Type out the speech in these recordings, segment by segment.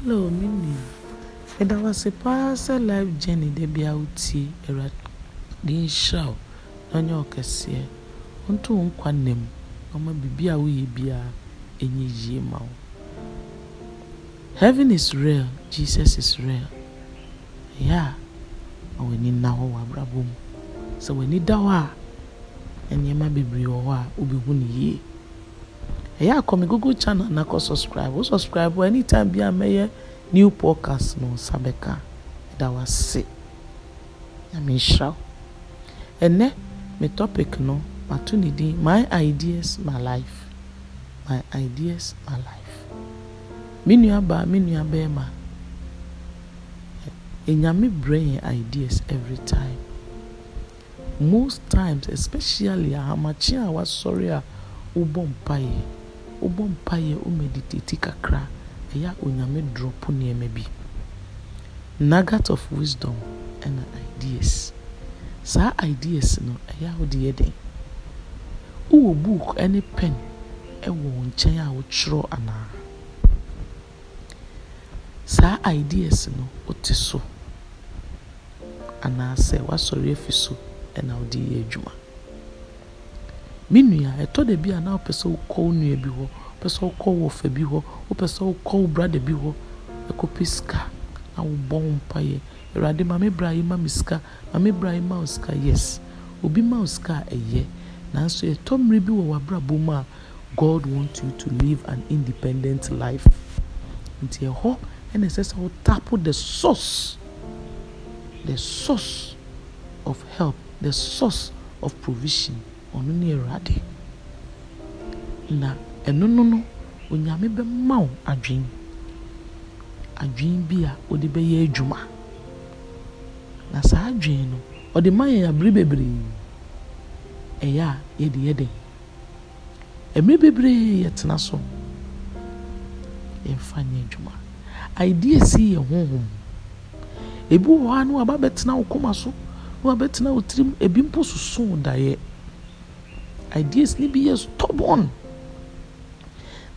Hello, Mimi. And I was a past life journey da bi a wotie Awurade nhyira wo na ɔnyɛ wo kɛseɛ. Ɔnto wo nkwa be mu na ɔma a woyɛ biara ɛnyɛ Heaven is real. Jesus is real. Yeah. a, ma need now. hɔ wɔ abrabɔ mu. Sɛ w'ani da hɔ a, nneɛma be wɔ hɔ a wobɛhu no ɛyɛ akɔ me google channel na kɔ subscribe O subscribe o anytime bi a mɛyɛ new podcast no nsa bɛka ɛda wase nyame nhyira wo ɛnɛ me topic no mato ne din my ideas my life my ideas my life me nua baa me nua bɛrima ɛnyame brɛ ideas every time most times especially ahamakye a wasɔre a wobɔ mpaeɛ wobɔ mpaeɛ womeditati kakra ɛyɛ a onyame drɔpo nneɛma bi nugget of wisdom ɛna ideas saa ideas no ɛyɛ a wode yɛ den wowɔ book ne pen ɛwɔ wo nkyɛn a wotwerɛ anaa saa ideas no wote so anaasɛ woasɔre afi so ɛna wode yɛ adwuma me nua ɛtɔ da bi a na wopɛ sɛ wokɔ wo nua bi hɔ wopɛ sɛ wokɔ wo ɔfa bi hɔ wopɛ sɛ wokɔ wo brada bi hɔ ɛkɔpɛ sika na wobɔ wo mpayɛ awurade ma me bra yi ma me sika ma me bra yi ma wo sika yes obi ma wo sika a ɛyɛ nanso ɛtɔ mmere bi wɔ w'abrabɔ mu a god want you to live an independent life nti ɛhɔ ɛna ɛsɛ sɛ wotapo the source the source of help the source of provision ɔno ne awurade na ɛno no no onyame bɛma wo adwen adwen bi a wode bɛyɛ adwuma na saa adwen no ɔde ma yɛn abere bebree ɛyɛ a yɛde yɛ den mmere bebree yɛtena so yɛmfa nyɛ adwuma idea si yɛ honhom ebi wɔ hɔ a na waba bɛtena wo koma so na wabɛtena wo tirim ebi mpo soso daeɛ ideas ni bi yɛ stubborn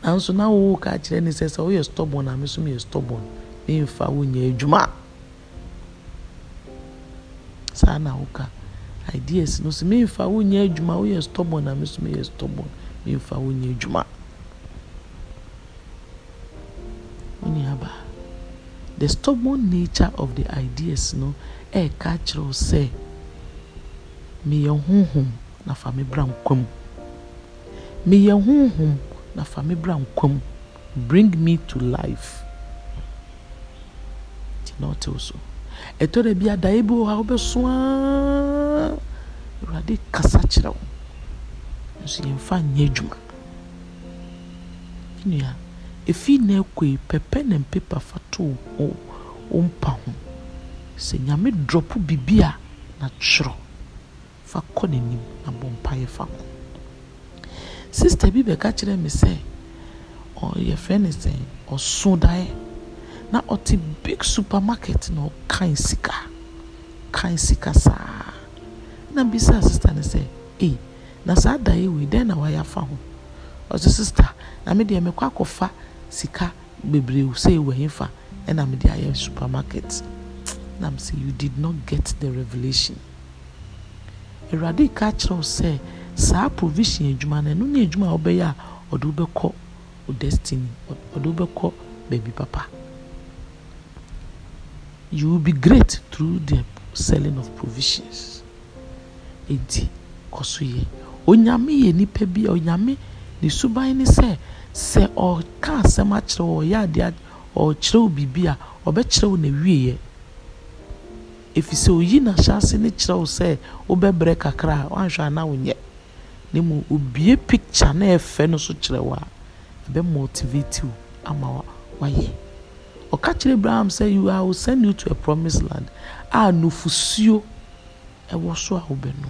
nanso na wo ka kyerɛ ne sɛ sɛ woyɛ stubborn a me so meyɛ stubborn ne mfa wonyɛ adwuma saa na woka ideas no so memfa wonyɛ adwuma woyɛ stubborn a me so meyɛ stubborn memfa wonyɛ adwuma woniaba the stubborn nature of the ideas no ɛɛka kyerɛ wo sɛ meyɛ honhom na fa me bra nkwa mu meyɛ honhom na fa me bra nkwa mu bring me to life nti na ɔtew so ɛtɔ da bi adaeɛ bi wɔ hɔ a wobɛso aa awurade kasa kyerɛ wo nso yɛmfa nyɛ adwuma nua ɛfii na akɔi pɛpɛ ne mpepa fa to wo mpa ho sɛ nyame drɔpo biribi a na twerɛ fa kɔ n'anim na bɔ mpaeɛ fa ho sista bi bɛka kyerɛ me sɛ ɔyɛfrɛ ne sɛn ɔso daeɛ na ɔte big supermarket na ɔkan sika kan sika saa na bisa sista ne sɛ ei na saa daeɛ wei dɛn na wayɛ afa ho ɔsɛ sista na me deɛ mekɔ akɔfa sika bebree sɛ ɛwɔ he fa ɛna mede ayɛ supermarket na m sɛ you did not get the revelation awurade ka kyerɛw sɛ saa provision adwuma no ɛno ne adwuma a wobɛyɛ a ɔde wobɛkɔ o destiny ɔde wobɛkɔ baabi papa you will be great through the selling of provisions edi kɔ so yɛ onyame yɛ nipa bi onyame ne suban ne sɛ sɛ ɔka asɛm akyerɛ wɔ ɔyɛ adeɛ ɔkyerɛw biribi a ɔbɛkyerɛw na wieɛ ɛfiri sɛ oyi oh, n'ahyɛase no kyerɛ wo sɛ wobɛbrɛ kakra a woanhwɛ ana wonyɛ ne mu obie picture na ɛfɛ no so kyerɛ wo a ɛbɛ motivate wo ama wayɛ ɔka kyerɛ abraham sɛ you i will send you to a promised land a nufusuo ɛwɔ so a wobɛnom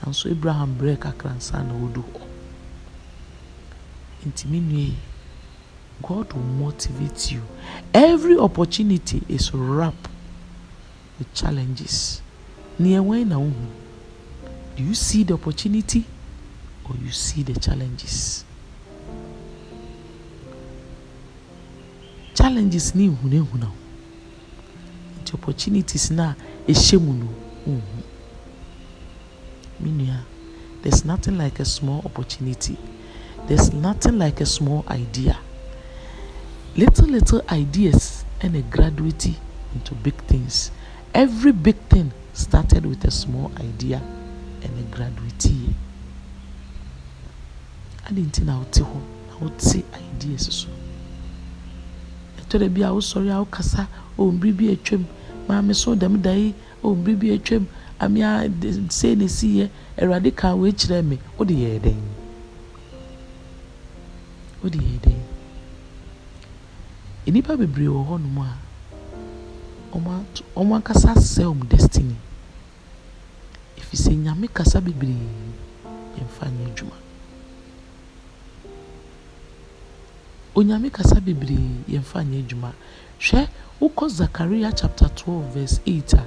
nanso abraham brɛ kakra nsa na wɔdu hɔ nti me nua god will motivate you every opportunity is wrapped with challenges. Near do you see the opportunity or you see the challenges? Challenges ni huna. The opportunities na eshemunu. Minya, there's nothing like a small opportunity. There's nothing like a small idea. Little little ideas and a graduity into big things. Every big thing started with a small idea and a graduate. Adentin na wote hɔ na wote ideas so. Ɛtɔrɔ bi a wosɔre a wokasa ɔwɔ mbiri bi atwam maame so dɛm da yi ɔwɔ mbiri bi atwam amia se na esi yɛ ɛwurade kan wo ekyirɛ mi o de yɛ dɛn o de yɛ dɛn. Nnipa bebree wɔ hɔnom a wɔn ankasa asɛ wɔn destiny ɛfiri sɛ nyame kasa bebree yɛmfa nyɛ adwuma onyame kasa bebree yɛmfa nyɛ adwuma hwɛ wokɔ zakaria chapter twelve verse 8 a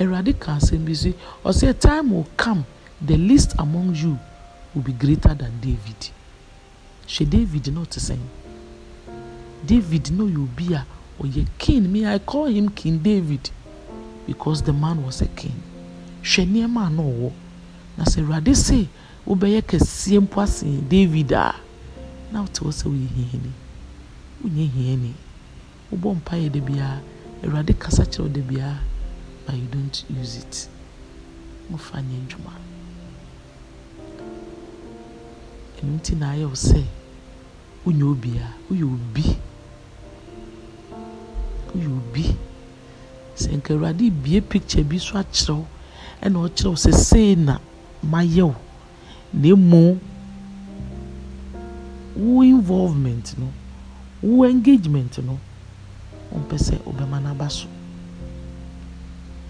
awurade ka asɛm bi si ɔsɛ time will come the least among you will be greater than david hwɛ david na ɔte sɛn david no ɔyɛ obi a yi king me i call him king david because the man was a king hwɛ nneɛma a na na sɛ awurade se wobɛyɛ kɛseɛ mpo david a na wote sɛ woyɛ hiani wonyɛ hiani wobɔ mpa da biara awurade kasa kyerɛ wo but you don't use it mofa nyɛ adwuma ɛno nti na ayɛ wo obi yɛ obi sɛ nka awurade bie picture bi so akyerɛ wo ɛna ɔkyerɛ sɛ sei na mayɛ wo na emu wo involvement no wo engagement no ɔmpɛ sɛ ɔbɛma n'aba so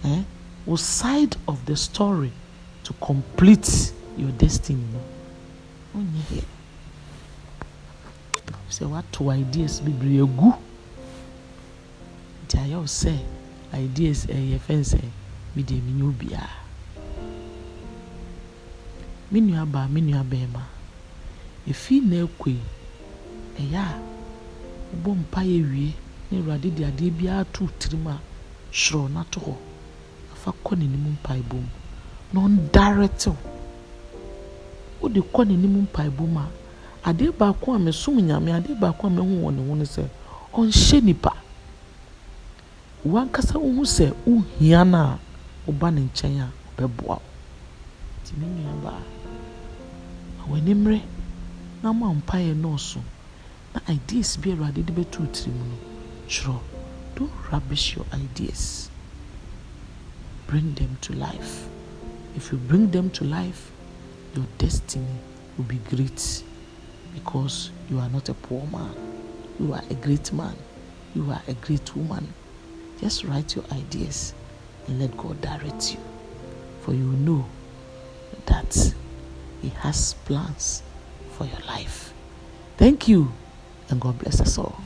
ɛn wo side of the story to complete your destiny no ɔnyɛ yɛ sɛ wato ideas bebree egu. nti ayɛ sɛ ideas ɛyɛ fɛn sɛ mede menyɛ obiaa me nua baa me nua bɛɛma ɛfii na akoi ɛyɛ a wobɔ mpa yɛ wie na awurade de adeɛ biara too tirim a hyorɛw no ato hɔ afa kɔ n'anim mpaebɔ mu na ɔndarete wo wode kɔ n'anim mpaebɔ mu a adeɛ baako a mesom nyame adeɛ baako a mehu wɔ ne ho no sɛ ɔnhyɛ nipa wankasa wohu sɛ wohia no a woba ne nkyɛn a ɔbɛboa wo nti me nuabaa ma w'ani mmerɛ na ma mpaeɛ nɔɔso na ideas bi awurade de bɛto no twerɛ don't rubbish your ideas bring them to life if you bring them to life your destiny will be great because you are not a poor man you are a great man you are a great woman just write your ideas and let God direct you. For you know that He has plans for your life. Thank you, and God bless us all.